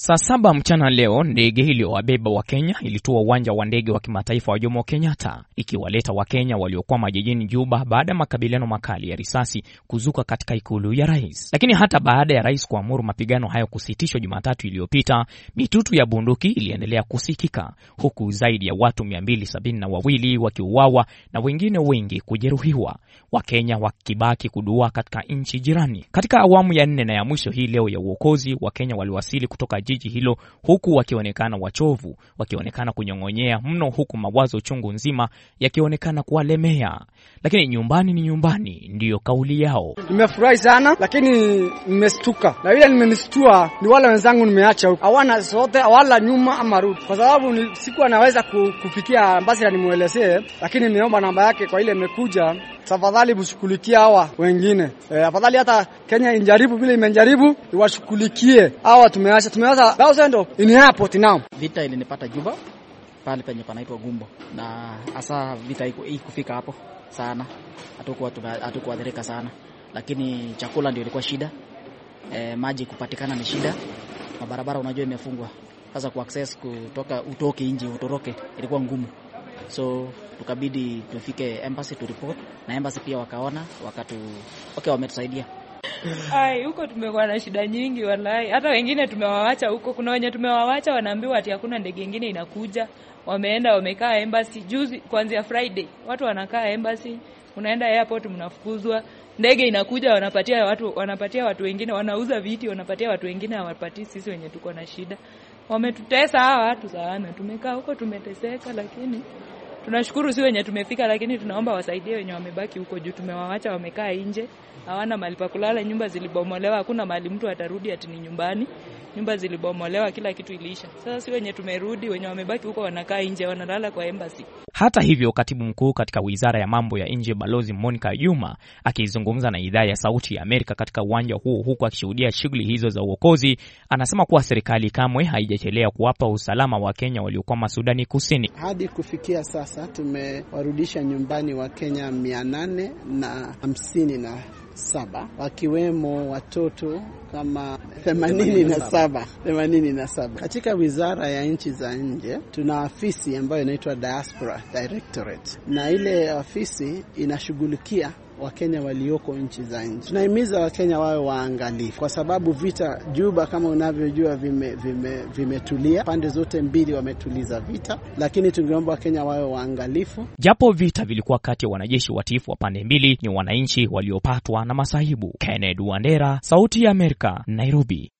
Saa saba mchana leo ndege iliyowabeba Wakenya ilitua uwanja wa ndege wa kimataifa wa Jomo Kenyatta ikiwaleta Wakenya waliokwama jijini Juba baada ya makabiliano makali ya risasi kuzuka katika ikulu ya rais. Lakini hata baada ya rais kuamuru mapigano hayo kusitishwa Jumatatu iliyopita, mitutu ya bunduki iliendelea kusikika huku zaidi ya watu 272 wakiuawa na wengine wengi kujeruhiwa, Wakenya wakibaki kudua katika nchi jirani. Katika awamu ya nne na ya mwisho hii leo ya uokozi, Wakenya waliwasili kutoka jiji hilo, huku wakionekana wachovu, wakionekana kunyong'onyea mno, huku mawazo chungu nzima yakionekana kuwalemea. Lakini nyumbani ni nyumbani, ndiyo kauli yao. Nimefurahi sana, lakini nimestuka, na ile nimenistua ni wale wenzangu nimeacha huko, hawana sote, awala nyuma ama rudi, kwa sababu sikuwa naweza kufikia Mbasira nimwelezee, lakini nimeomba namba yake kwa ile imekuja tafadhali mshughulikia hawa wengine e, afadhali hata Kenya injaribu vile imejaribu iwashughulikie hawa. Tumeacha tumeacha thousands in airport now. Vita ilinipata Juba pale penye panaitwa Gumbo, na hasa vita ikufika hapo sana, hatukuwa hatukuathirika sana, lakini chakula ndio ilikuwa shida e, maji kupatikana ni shida, na barabara unajua imefungwa sasa, ku access kutoka utoke nje utoroke ilikuwa ngumu so tukabidi tufike embassy to report, na embassy pia wakaona wakatu, okay, wametusaidia. Ai, huko tumekuwa na shida nyingi walai. Hata wengine tumewawacha huko, kuna wenye tumewawacha wanaambiwa ati hakuna ndege nyingine inakuja. Wameenda wamekaa embassy juzi, kuanzia Friday watu wanakaa embassy, unaenda airport mnafukuzwa ndege inakuja, wanapatia watu, wanapatia watu wengine, wanauza viti, wanapatia watu wengine, hawapati sisi wenye tuko na shida. Wametutesa hawa watu sana, tumekaa huko tumeteseka, lakini tunashukuru si wenye tumefika, lakini tunaomba wasaidie wenye wamebaki huko juu. Tumewawacha wamekaa nje, hawana mahali pa kulala, nyumba zilibomolewa, hakuna mahali mtu atarudi atini nyumbani nyumba zilibomolewa, kila kitu iliisha. Sasa si wenye tumerudi, wenye wamebaki huko wanakaa nje, wanalala kwa embassy. Hata hivyo, katibu mkuu katika wizara ya mambo ya nje Balozi Monica Juma akizungumza na idhaa ya Sauti ya Amerika katika uwanja huo, huku akishuhudia shughuli hizo za uokozi, anasema kuwa serikali kamwe haijachelea kuwapa usalama wa Kenya waliokwama Sudani Kusini. Hadi kufikia sasa tumewarudisha nyumbani wa Kenya mia nane na hamsini na saba wakiwemo watoto kama 87 Katika wizara ya nchi za nje tuna afisi ambayo inaitwa Diaspora Directorate, na ile afisi inashughulikia Wakenya walioko nchi za nje. Tunahimiza Wakenya wawe waangalifu, kwa sababu vita Juba kama unavyojua vimetulia, vime, vime pande zote mbili wametuliza vita, lakini tungeomba Wakenya wawe waangalifu. Japo vita vilikuwa kati ya wanajeshi watiifu wa pande mbili, ni wananchi waliopatwa na masahibu. Kenneth Wandera, Sauti ya Amerika, Nairobi.